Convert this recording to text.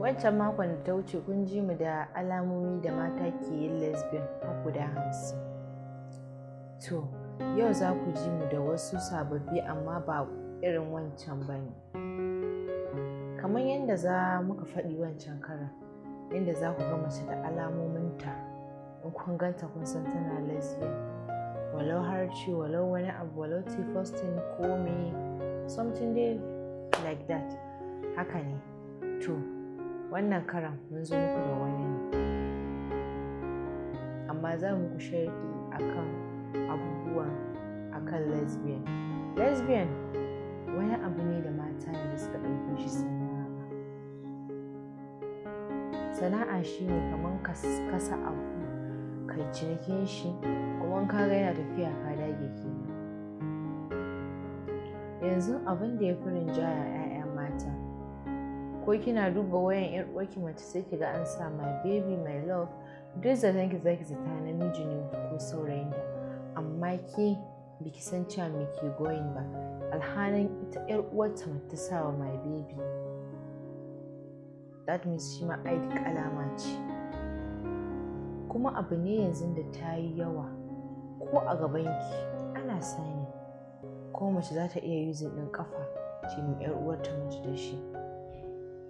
wancan makon da ta wuce kun ji mu da alamomi da mata ke yin lesbian a guda hamsin to yau za ku ji mu da wasu sababbi amma ba irin wancan ba ne kamar yadda za muka faɗi wancan karan yadda za ku ga mace da alamominta in kun ganta kun san tana lesbian walau harci walau wani abu walau tifostin ko me something dai like that haka ne to wannan karan mun zo muku da wani ne amma za mu kan abubuwa a akan lesbian lesbian wani abu ne da mata ne suka ɗauke shi sana'a sana'a shi ne kamar kasa abu kai cinikin shi kuma ka ga yana tafiya ka dage ke yanzu abin da ya fi rinjaya ko kina duba wayan yar uwarki mace sai kiga an sa my baby my love duk zaton ki zaki zata namiji ne ko saurayin da amma ke biki san cewa me ke goyin ba alhanin ita yar uwarta ta sa wa my baby that means shi ma ai kalama ce kuma abu ne yanzu da ta yi yawa ko a gabanki ana sani ko mace za ta iya yuzin ɗin kafa ce mai yar uwarta mace da shi